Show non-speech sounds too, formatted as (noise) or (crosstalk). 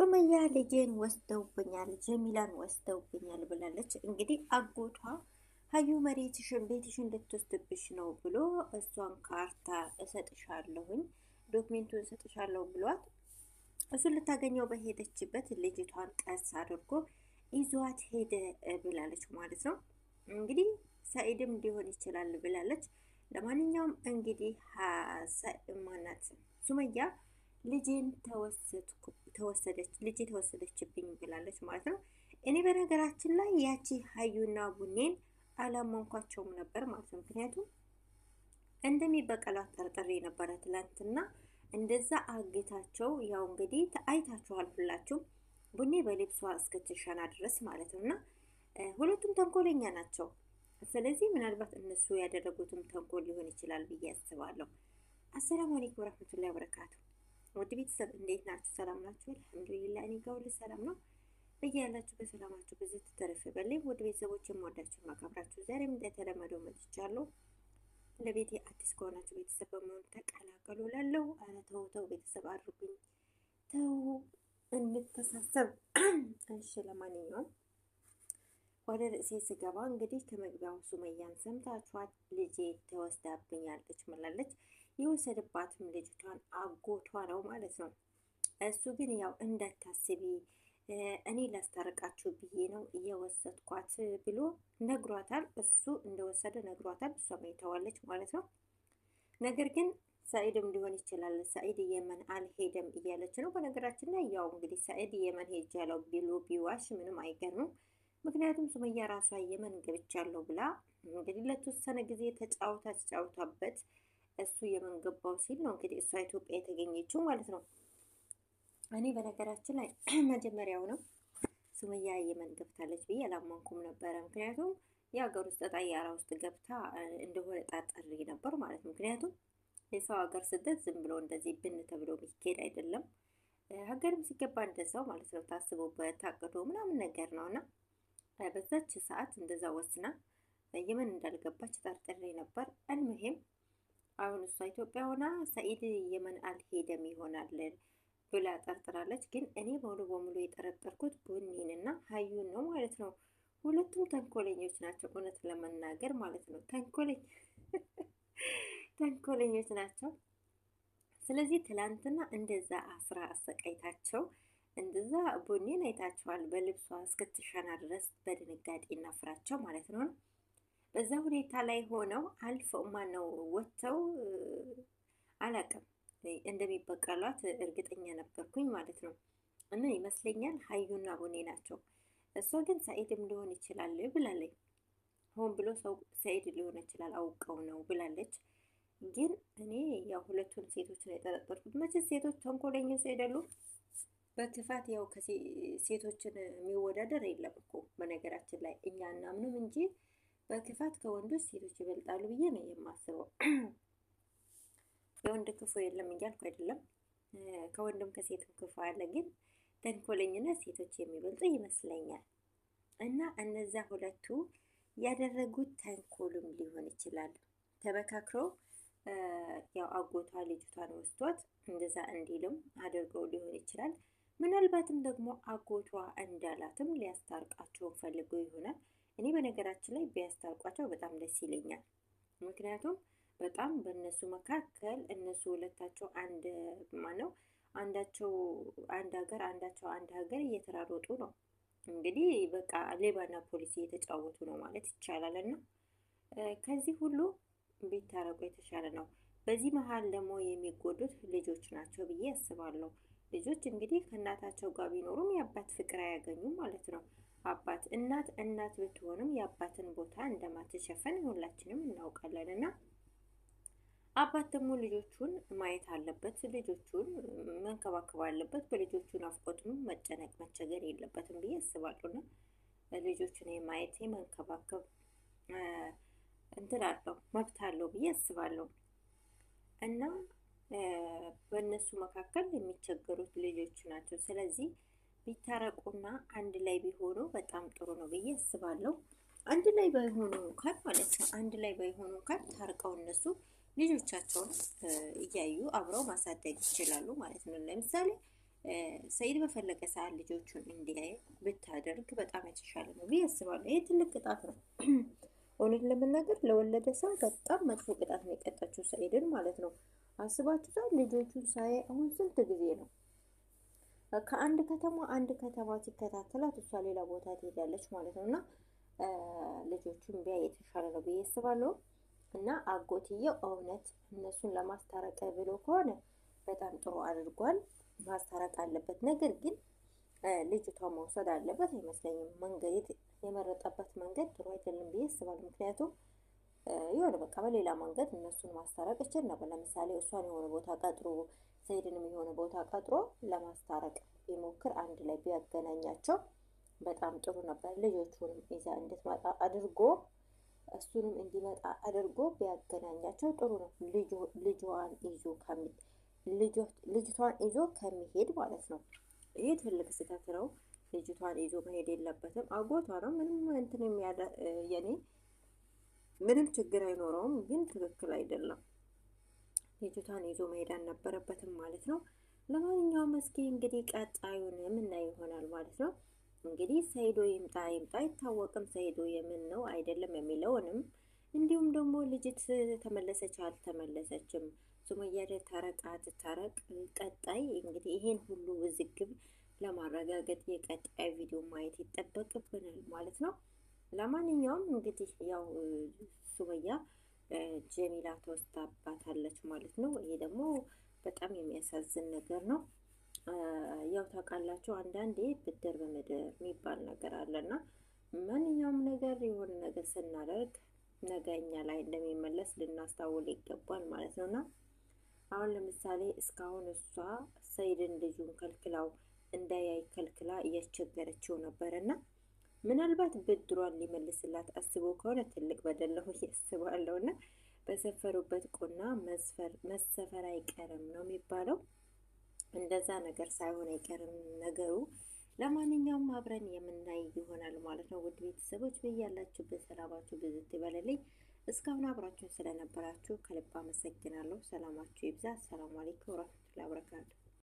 ሱመያ ልጄን ወስደውብኛል፣ ጀሚላን ወስደውብኛል ብላለች። እንግዲህ አጎቷ ሀዩ መሬትሽን ቤትሽን ልትወስድብሽ ነው ብሎ እሷን ካርታ እሰጥሻለሁኝ ዶክሜንቱን እሰጥሻለሁ ብሏት እሱን ልታገኘው በሄደችበት ልጅቷን ቀስ አድርጎ ይዟት ሄደ ብላለች ማለት ነው። እንግዲህ ሰኢድም ሊሆን ይችላል ብላለች። ለማንኛውም እንግዲህ ማናት ሱመያ ልጄን ተወሰደች ልጄ ተወሰደችብኝ ብላለች ማለት ነው። እኔ በነገራችን ላይ ያቺ ሀዩና ቡኔን አላመንኳቸውም ነበር ማለት ነው። ምክንያቱም እንደሚበቀላት ጠርጥሬ ነበረ ትላንትና እንደዛ አግታቸው። ያው እንግዲህ አይታችኋል ሁላችሁም ቡኔ በልብሷ እስከትሻና ድረስ ማለት ነው። እና ሁለቱም ተንኮለኛ ናቸው። ስለዚህ ምናልባት እነሱ ያደረጉትም ተንኮል ሊሆን ይችላል ብዬ አስባለሁ። አሰላሙ አለይኩም ወረህመቱላሂ ወበረካቱ ውድ ቤተሰብ እንዴት ናችሁ? ሰላም ናችሁ? አልሐምዱሊላ እኔ ጋር ሁሉ ሰላም ነው። በያላችሁ በሰላማችሁ ብዙ ትተረፍ በልኝ። ውድ ቤተሰቦች የምወዳችሁ ዛሬም እንደተለመደው መጥቻለሁ። ለቤቴ አዲስ ከሆናችሁ ቤተሰብ በመሆን ተቀላቀሉ። ላለው አረ ተው ተው ቤተሰብ አድርጉኝ፣ ተው እንተሳሰብ። እሺ ለማንኛውም ወደ ርዕሴ ስገባ እንግዲህ ከመግቢያው ሱመያን ሰምታችኋት፣ ልጄ ተወስዳብኛለች ምላለች። የወሰደባትም ልጅቷን አጎቷ ነው ማለት ነው። እሱ ግን ያው እንዳታስቢ እኔ ላስታርቃችሁ ብዬ ነው እየወሰድኳት ብሎ ነግሯታል። እሱ እንደወሰደ ነግሯታል። እሷም አይተዋለች ማለት ነው። ነገር ግን ሳኢድም ሊሆን ይችላል ሳኢድ የመን አልሄደም እያለች ነው። በነገራችን ላይ ያው እንግዲህ ሳኢድ የመን ሄጃለሁ ቢሉ ቢዋሽ ምንም አይገርምም። ምክንያቱም ሱመያ ራሷ የመን ገብቻለሁ ብላ እንግዲህ ለተወሰነ ጊዜ ተጫውታ ተጫውታበት እሱ የምንገባው ሲል ነው እንግዲህ እሷ ኢትዮጵያ የተገኘችው ማለት ነው። እኔ በነገራችን ላይ (clears throat) መጀመሪያው ነው ሱመያ የመን ገብታለች ብዬ አላመንኩም ነበረ። ምክንያቱም የሀገር ውስጥ ጣያራ ውስጥ ገብታ እንደሆነ ጠርጥሬ ነበር ማለት ነው። ምክንያቱም የሰው ሀገር ስደት ዝም ብሎ እንደዚህ ብን ተብሎ የሚካሄድ አይደለም። ሀገርም ሲገባ እንደዛው ማለት ነው። ታስቦበት ታቅዶ ምናምን ነገር ነው እና በዛች ሰዓት እንደዛ ወስና የመን እንዳልገባች ጠርጥሬ ነበር አልምሄም አሁን እሷ ኢትዮጵያ ሆና ሰኢድ የመን አልሄደም ይሆናል ብላ ጠርጥራለች። ግን እኔ ሙሉ በሙሉ የጠረጠርኩት ቡኒንና ሀዩን ነው ማለት ነው። ሁለቱም ተንኮለኞች ናቸው፣ እውነት ለመናገር ማለት ነው። ተንኮለኝ (laughs) ተንኮለኞች ናቸው። ስለዚህ ትላንትና እንደዛ አስራ አሰቃይታቸው እንደዛ ቡኒን አይታቸዋል። በልብሷ እስክትሸና ድረስ በድንጋጤ እና ፍራቸው ማለት ነው። በዛ ሁኔታ ላይ ሆነው አልፈው ማነው ወጥተው አላቅም እንደሚበቀሏት እርግጠኛ ነበርኩኝ ማለት ነው። እና ይመስለኛል ሀዩና ቡኔ ናቸው። እሷ ግን ሰኢድም ሊሆን ይችላል ብላለች። ሆን ብሎ ሰው ሰኢድ ሊሆን ይችላል አውቀው ነው ብላለች። ግን እኔ ያው ሁለቱን ሴቶች ነው የጠረጠርኩት። መቼ ሴቶች ተንኮለኞች አይደሉም። በክፋት ያው ሴቶችን የሚወዳደር የለም እኮ በነገራችን ላይ እኛ እናምንም እንጂ በክፋት ከወንዶች ሴቶች ይበልጣሉ ብዬ ነው የማስበው። የወንድ ክፉ የለም እያልኩ አይደለም። ከወንድም ከሴትም ክፉ አለ፣ ግን ተንኮለኝነት ሴቶች የሚበልጡ ይመስለኛል። እና እነዛ ሁለቱ ያደረጉት ተንኮልም ሊሆን ይችላል። ተመካክረው ያው አጎቷ ልጅቷን ወስዷት እንደዛ እንዲልም አድርገው ሊሆን ይችላል። ምናልባትም ደግሞ አጎቷ እንዳላትም ሊያስታርቃቸው ፈልገው ይሆናል። እኔ በነገራችን ላይ ቢያስታውቋቸው በጣም ደስ ይለኛል። ምክንያቱም በጣም በእነሱ መካከል እነሱ ሁለታቸው አንድ ማነው አንዳቸው አንድ ሀገር አንዳቸው አንድ ሀገር እየተራሮጡ ነው። እንግዲህ በቃ ሌባና ፖሊስ እየተጫወቱ ነው ማለት ይቻላል። እና ከዚህ ሁሉ ቢታረቁ የተሻለ ነው። በዚህ መሀል ደግሞ የሚጎዱት ልጆች ናቸው ብዬ አስባለሁ። ልጆች እንግዲህ ከእናታቸው ጋር ቢኖሩም የአባት ፍቅር አያገኙም ማለት ነው። አባት እናት እናት ብትሆንም የአባትን ቦታ እንደማትሸፈን ሁላችንም እናውቃለን እና አባት ደግሞ ልጆቹን ማየት አለበት፣ ልጆቹን መንከባከብ አለበት። በልጆቹ ናፍቆትም መጨነቅ መቸገር የለበትም ብዬ አስባለሁና ልጆቹን የማየት የመንከባከብ እንትን አለው መብት አለው ብዬ አስባለሁ እና በእነሱ መካከል የሚቸገሩት ልጆቹ ናቸው። ስለዚህ ቢታረቁና አንድ ላይ ቢሆኑ በጣም ጥሩ ነው ብዬ አስባለሁ። አንድ ላይ ባይሆኑ እንኳን ማለት ነው አንድ ላይ ባይሆኑ እንኳን ታርቀው እነሱ ልጆቻቸውን እያዩ አብረው ማሳደግ ይችላሉ ማለት ነው። ለምሳሌ ሰይድ በፈለገ ሰዓት ልጆቹን እንዲያይ ብታደርግ በጣም የተሻለ ነው ብዬ አስባለሁ። ይህ ትልቅ ቅጣት ነው። እውነት ለመናገር ለወለደ ሰው በጣም መጥፎ ቅጣት ነው የቀጣችው ሰይድን ማለት ነው። አስባችሁታል? ልጆቹን ሳይ አሁን ስንት ጊዜ ነው ከአንድ ከተማ አንድ ከተማ ሲከታተላት እሷ ሌላ ቦታ ትሄዳለች ማለት ነው እና ልጆቹን ቢያ የተሻለ ነው ብዬ አስባለሁ። እና አጎትየው እውነት እነሱን ለማስታረቅ ብሎ ከሆነ በጣም ጥሩ አድርጓል። ማስታረቅ አለበት። ነገር ግን ልጅቷ መውሰድ አለበት አይመስለኝም። መንገድ የመረጠበት መንገድ ጥሩ አይደለም ብዬ አስባለሁ። ምክንያቱም የሆነ በቃ በሌላ መንገድ እነሱን ማስታረቅ ይችል ነበር። ለምሳሌ እሷን የሆነ ቦታ ቀጥሮ ሰይድንም የሆነ ቦታ ቀጥሮ ለማስታረቅ ቢሞክር አንድ ላይ ቢያገናኛቸው በጣም ጥሩ ነበር። ልጆቹንም ይዛ እንድትመጣ አድርጎ እሱንም እንዲመጣ አድርጎ ቢያገናኛቸው ጥሩ ነው። ልጇን ይዞ ልጅቷን ይዞ ከሚሄድ ማለት ነው። ይህ ትልቅ ስህተት ነው። ልጅቷን ይዞ መሄድ የለበትም። አጎቷ ነው ምንም እንትን የኔ ምንም ችግር አይኖረውም፣ ግን ትክክል አይደለም። ልጅቷን ይዞ መሄድ አልነበረበትም ማለት ነው። ለማንኛውም እስኪ እንግዲህ ቀጣዩን የምናየው ይሆናል ማለት ነው። እንግዲህ ሰይዶ ይምጣ ይምጣ አይታወቅም። ሰይዶ የምን ነው አይደለም የሚለውንም እንዲሁም ደግሞ ልጅት ተመለሰች አልተመለሰችም፣ ሱመያ ተረቃ ተረቅ ቀጣይ እንግዲህ ይሄን ሁሉ ውዝግብ ለማረጋገጥ የቀጣይ ቪዲዮ ማየት ይጠበቅብናል ማለት ነው። ለማንኛውም እንግዲህ ያው ሱመያ ጀሚላ ተወስዳባታለች ማለት ነው። ይሄ ደግሞ በጣም የሚያሳዝን ነገር ነው። ያው ታውቃላችሁ አንዳንዴ ብድር በምድር የሚባል ነገር አለና ማንኛውም ነገር የሆነ ነገር ስናደርግ ነገ እኛ ላይ እንደሚመለስ ልናስታውል ይገባል ማለት ነውና አሁን ለምሳሌ እስካሁን እሷ ሰይድን ልጁን ከልክላው እንዳያይ ከልክላ እያስቸገረችው እና። ምናልባት ብድሯን ሊመልስላት አስቦ ከሆነ ትልቅ በደል ነው ያስባለው እና በሰፈሩበት ቁና መሰፈር አይቀርም ነው የሚባለው። እንደዛ ነገር ሳይሆን አይቀርም ነገሩ። ለማንኛውም አብረን የምናይ ይሆናል ማለት ነው። ውድ ቤተሰቦች በያላችሁበት ሰላማችሁ ብዝት ይበለልኝ። እስካሁን አብራችሁን ስለነበራችሁ ከልብ አመሰግናለሁ። ሰላማችሁ ይብዛ። አሰላሙ አለይኩም ወረህመቱላሂ ወበረካቱ